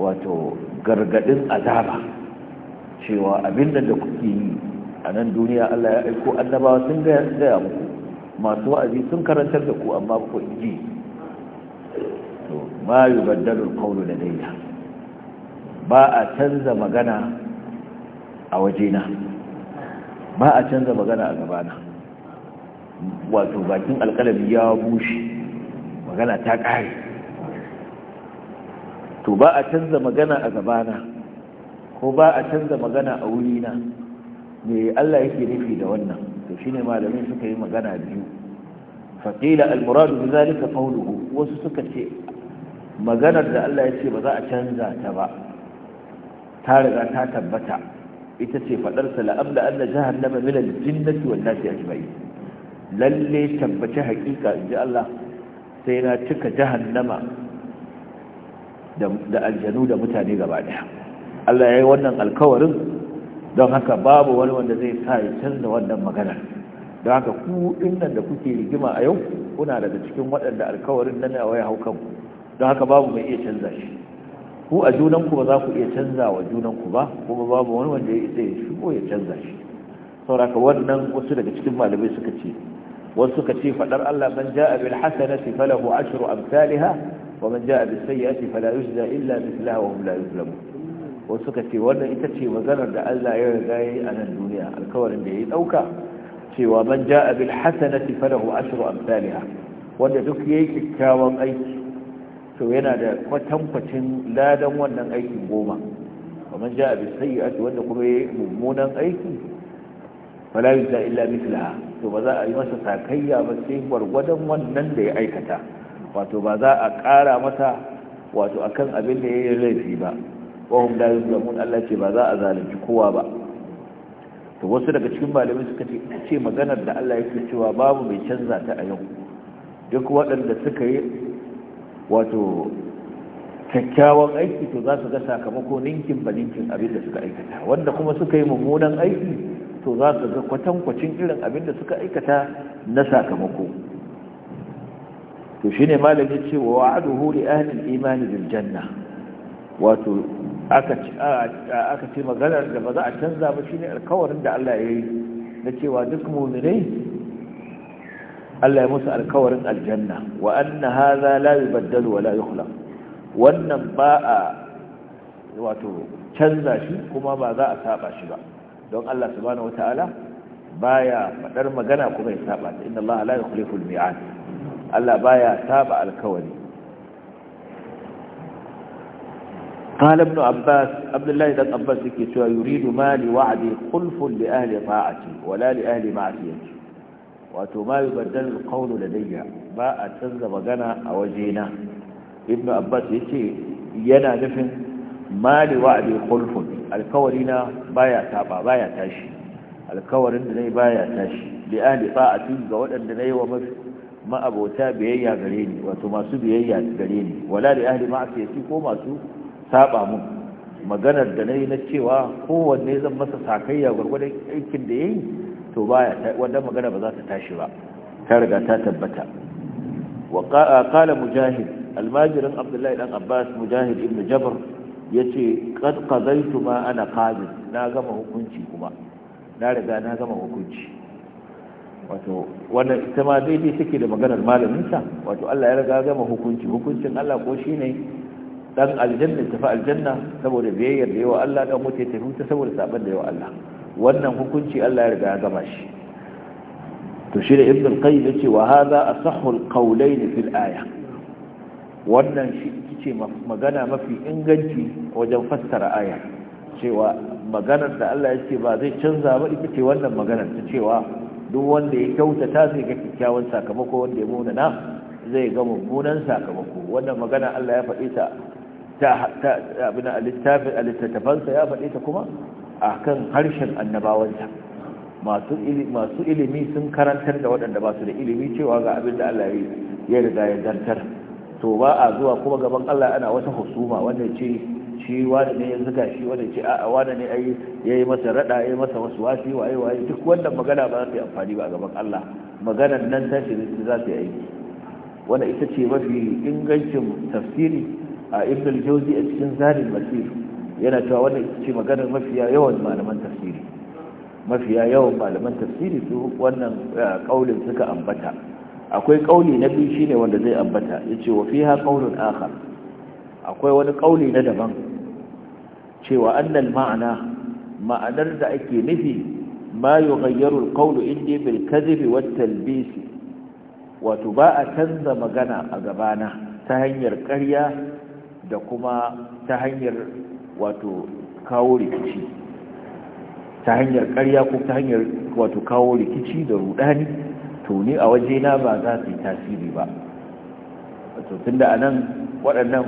wato gargadin azaba cewa abinda da kuke yi a nan duniya Allah ya aiko annabawa sun gaya muku masu wa'azi sun karantar da ku amma ku ji to ma yubaddalu da daya ba a canza magana a wajena ba a canza magana a gabana wato bakin alƙalami ya bushe magana ta ƙare to ba a canza magana a gabana ko ba a canza magana a wurina me Allah yake nufi da wannan to shine malamin suka yi magana biyu faqila almuradu zalika qawluhu wasu suka ce maganar da Allah ya ce ba za a canza ta ba ta riga ta tabbata ita ce fadar sa la abla anna jahannama min al wan nasi ajma'in lalle tabbace hakika inji Allah sai na cika jahannama da aljanu da mutane gaba daya Allah ya yi wannan alkawarin don haka babu wani wanda zai sa ya canza wannan maganar don haka ku nan da kuke rigima a yau kuna daga cikin waɗanda alkawarin nan a waya haukan don haka babu mai iya canza shi ku a junanku ba za ku iya canza wa junanku ba kuma babu wani wanda ya isa ya shigo ya canza shi sauraka wannan wasu daga cikin malamai suka ce wasu suka ce faɗar Allah man ja'a bil hasanati falahu ashru amsalha wa man ja'a bis sayyi'ati fala yujza illa mithlaha wa hum la yuzlamun wasu ka wannan ita ce maganar da Allah ya riga yi a nan duniya alkawarin da ya yi ɗauka cewa manja ja abin hasana ta fara hu ashiru amsaliya wanda duk ya yi kyakkyawan aiki to yana da kwatankwacin ladan wannan aiki goma wa man abin sai ya ce kuma ya yi mummunan aiki fala yi illa misla to ba za a yi masa sakayya ba sai gwargwadon wannan da ya aikata wato ba za a ƙara masa wato akan abin da ya yi laifi ba wa la yuzlamun Allah ce ba za a zalunci kowa ba to wasu daga cikin malamai suka ce maganar da Allah yake cewa babu mai canza ta a yau duk waɗanda suka yi wato kyakkyawan aiki to za su ga sakamako ninkin ba ninkin abin da suka aikata wanda kuma suka yi mummunan aiki to za su ga kwatankwacin irin abin da suka aikata na sakamako to shine malami ce wa wa'aduhu li ahli al-iman bil janna wato aka ce maganar da ba za a canza ba shine alkawarin da Allah ya yi na cewa duk muminai Allah ya musu alkawarin aljanna wa anna hadha la baddalu wa la wannan ba a wato canza shi kuma ba za a saba shi ba don Allah subhanahu wataala baya faɗar magana kuma ya saba ta inna Allah la yukhlifu al-mi'ad Allah baya saba alkawari قال ابن عباس عبد الله بن عباس yake cewa yuridu mali wa'di khulfun li ahli ta'ati wala li ahli ma'siyati wato ma yubaddal alqawlu ladayya ba a canza magana a wajena ibn abbas yace yana nufin mali wa'di khulfun alkawarina baya taba baya tashi alkawarin da nayi baya tashi li ahli ta'ati ga wadanda nayi wa ma'abota biyayya gare ni wato masu biyayya gare ni wala ko masu saba mun maganar da na yi na cewa kowanne zan masa sakayya gwargwadon aikin da ya yi to baya wanda magana ba za ta tashi ba ta riga ta tabbata wa qala mujahid almajirin abdullahi dan abbas mujahid ibn jabr ya ce qadaitu ma ana qadir na gama hukunci kuma na riga na gama hukunci wato wannan ita ma daidai take da maganar malamin sa wato Allah ya riga gama hukunci hukuncin Allah ko shine dan aljanna tafi aljanna saboda biyayyar da yawa Allah dan mutai tafi ta saboda saban da yawa Allah wannan hukunci Allah ya riga ya gama shi to shi da ibn al-qayyim yace wa hadha asahhu al-qawlayn fil aya wannan shi yace magana mafi inganci wajen fassara aya cewa maganar da Allah yace ba zai canza ba ita ce wannan maganar ta cewa duk wanda ya kyautata zai ga kyakkyawan sakamako wanda ya muna na zai ga mummunan sakamako wannan magana Allah ya faɗi ta littattafansa ya faɗe ta kuma a kan harshen annabawanta masu ilimi sun karantar da waɗanda ba su da ilimi cewa ga abin da Allah ya riga ya zartar to ba a zuwa kuma gaban Allah ana wata husuma wanda ce shi wani ne ya zuga shi wanda ce a'a wani ne ya yi masa raɗa ya yi masa wasu wasi waye waye duk wannan magana ba za ta yi amfani ba a gaban Allah maganar nan tashi za ta yi aiki wannan ita ce mafi ingancin tafsiri a ibn al-jawzi a cikin zadin masir yana cewa wannan ce maganar mafiya yawan malaman tafsiri mafiya yawan malaman tafsiri su wannan kaulin eh, suka ambata akwai kauli na biyu shine wanda zai ambata yace wa fiha qaulun akhar akwai wani kauli na daban cewa annal ma'ana ma'anar da ake nufi ma yughayyaru al-qawlu inda bil kadhibi wat talbis wato ba a canza magana a gabana ta hanyar ƙarya da kuma ta hanyar wato kawo rikici ta hanyar karya ko ta hanyar wato kawo rikici da rudani to ni a waje na ba za su yi tasiri ba wato tunda a nan waɗannan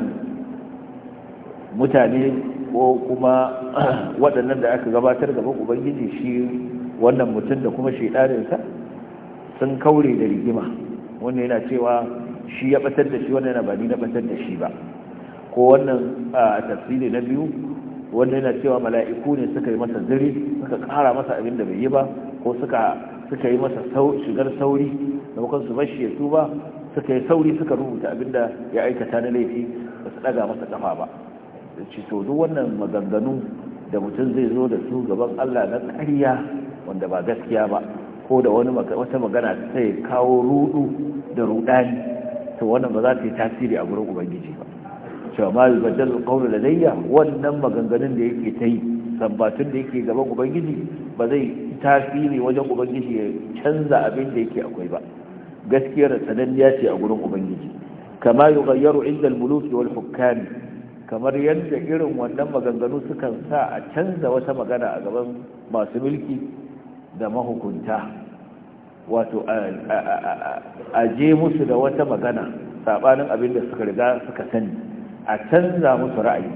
mutane ko kuma waɗannan da aka gabatar gaban ubangiji shi wannan mutum da kuma shaidarinsa sun kaure da rigima wannan yana cewa shi ya batar da shi wannan yana ba ni na batar da shi ba ko wannan a tafsiri na biyu wanda yana cewa mala'iku ne suka yi masa ziri suka kara masa abin da bai yi ba ko suka suka yi masa shigar sauri da kuma su bashi ya tuba suka yi sauri suka rubuta abin da ya aikata na laifi ba su daga masa kafa ba ci to duk wannan maganganu da mutum zai zo da su gaban Allah na ƙarya wanda ba gaskiya ba ko da wani wata magana sai kawo rudu da rudani to wannan ba za ta yi tasiri a gurin ubangiji ba cewa ma yi bajal ƙaunar da layya wannan maganganun da yake ta yi sabbatun da yake gaban ubangiji ba zai tasiri wajen ubangiji ya canza abin da yake akwai ba gaskiyar sananniya ce a gurin ubangiji kama yi gayyaru inda muluki wal hukami kamar yadda irin wannan maganganu sukan sa a canza wata magana a gaban masu mulki da mahukunta wato a je musu da wata magana sabanin abin da suka riga suka sani a canza musu ra'ayi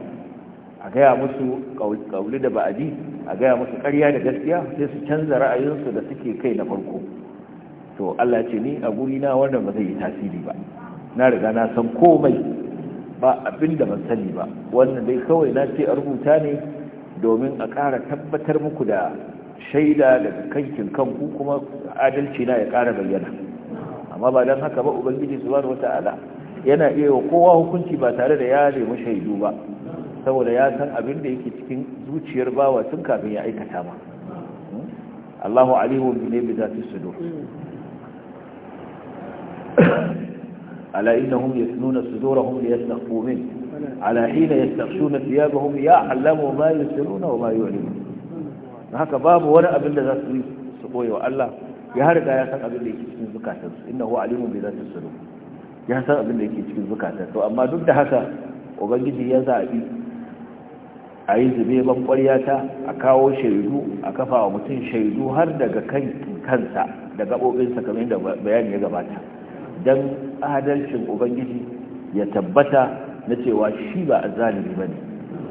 a gaya musu kauli da ba'adi a gaya musu ƙarya da gaskiya sai su canza ra'ayinsu da suke kai na farko to Allah ce ni a guri na wannan ba zai yi tasiri ba na riga na san komai ba abin da ban sani ba wannan dai kawai na ce a rubuta ne domin a ƙara tabbatar muku da shaida da kankin kanku kuma adalci na ya ƙara bayyana amma ba don haka ba ubangiji subhanahu wata'ala yana iya wa kowa hukunci ba tare da ya nemi shaidu ba saboda ya san abin da yake cikin zuciyar bawa tun kafin ya aikata ma. Allahu alihu bi ne zati sudur ala innahum yasnuna sudurahum liyastaqu min ala hina yastaghshuna thiyabahum ya'lamu ma yusirruna wa ma Na haka babu wani abin da za su yi su koyi wa Allah ya harga ya san abin da yake cikin zukatansu innahu alimun bi zati sudur ya san abin da yake cikin zukata to amma duk da haka ubangiji ya zaɓi a yi zube ban ƙwaryata a kawo shaidu a kafa wa mutum shaidu har daga kan kansa da gaɓoɓinsa kamar yadda bayani ya gabata don adalcin ubangiji ya tabbata na cewa shi ba a zalimi ba ne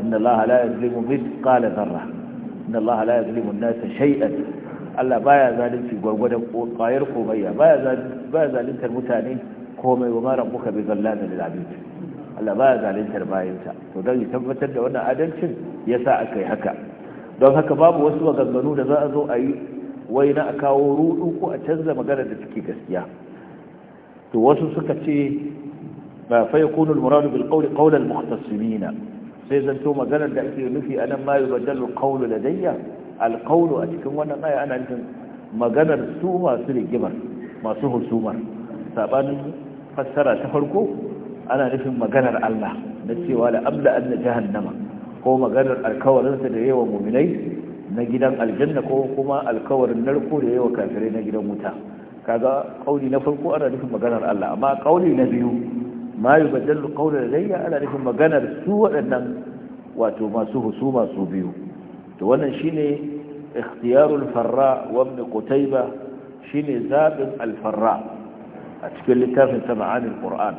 inda Allah la ya zalimu zarra inda Allah la ya nasa shay'an Allah baya zalunci gwargwadon ƙwayar komayya baya zaluntar mutane komai wa ma rabbuka bi zallamin lil Allah baya zaluntar bayanta to dan ya tabbatar da wannan adalcin ya aka akai haka don haka babu wasu maganganu da za a zo a yi wai na a kawo rudu ko a canza magana da take gaskiya to wasu suka ce ba fa yakunu al-muradu bil qawli qawla al-muhtasimin sai zanto maganar da ake nufi anan ma yubaddalu al-qawlu ladayya al-qawlu a cikin wannan aya ana nufin maganar su masu rigimar masu husumar sabanin fassara ta farko ana nufin maganar Allah na cewa la an anna jahannama ko maganar alkawarinsa da yawa muminai na gidan aljanna ko kuma alkawarin narko da yawa kafirai na gidan wuta kaga kauli na farko ana nufin maganar Allah amma kauli na biyu ma yubaddalu da ladayya ana nufin maganar su waɗannan wato masu husuma su biyu to wannan shine ikhtiyarul farra wa ibn qutayba shine zabin al-farra a cikin littafin ma'anin ƙur'an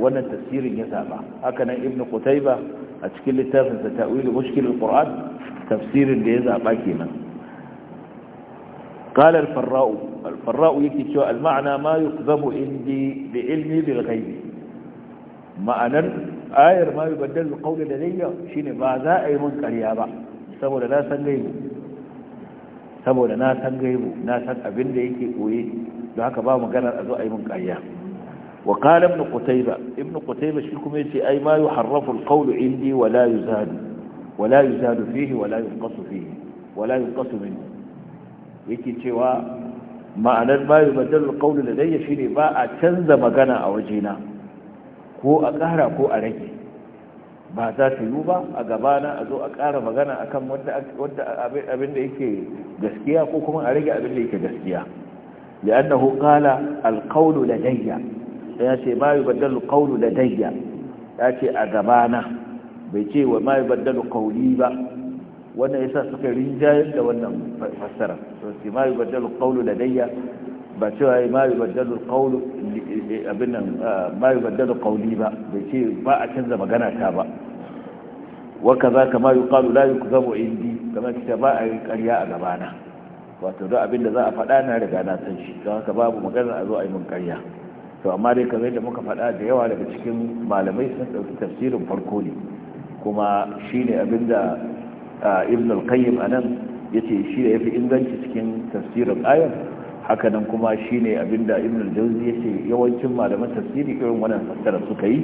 wannan tafsirin ya saba haka nan ibnu qutayba a cikin littafin sa ta'wilu mushkil alquran tafsirin da ya zaba kenan قال الفراء الفراء يكتب المعنى ما يقذب عندي بعلمي بالغيب ma'anar ayar ma yubaddal da ladayya shine ba za a yi mun ƙarya ba saboda na san gaibi saboda na san gaibu na san abin da yake koye don haka ba maganar a zo a yi mun ƙarya wa qala ibn qutayba ibn qutayba shi kuma yace ai ma yuharrafu alqawl indi wa la yuzadu wa la yuzadu fihi wa la yunqasu fihi wa la yunqasu minhu yake cewa ma'anar ma yubaddalu alqawl ladayya shine ba a canza magana a wajena ko a ƙara ko a rage ba za ta yiwu ba a gabana a zo a ƙara magana a kan abin da yake gaskiya ko kuma a rage abin da yake gaskiya da an hukala alkaunu da dayya ya ce ma yi baddalu kaunu da dayya ya ce a gabana bai ce wa ma yi baddalu kauni ba wannan ya sa suka rinjayar da wannan fassara so ce ma yi baddalu kaunu da dayya ba cewa ma yi baddadu qawlu abin ma qawli ba bai ce ba a canza magana ta ba wa kaza kama yuqalu la yukzabu indi kamar kita ba a yi ƙarya a gabana wato duk abin da za a faɗa na riga na san shi don haka babu magana a zo a yi mun ƙarya to amma dai kamar yadda muka faɗa da yawa daga cikin malamai sun ɗauki tafsirin farko ne kuma ne abin da ibn al-qayyim anan yace shi da yafi inganci cikin tafsirin ayat hakanan kuma shine abinda ibn al-jawzi yace yawancin malaman tafsiri irin wannan fassara suka yi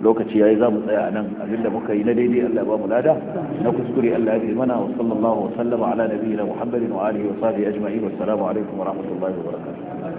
lokaci yayi za mu tsaya anan abinda muka yi na daidai Allah ba mu lada na kuskure Allah ya mana wa sallallahu wa sallama ala nabiyina Muhammadin wa alihi wa sahbihi ajma'in wa assalamu alaikum wa rahmatullahi wa barakatuh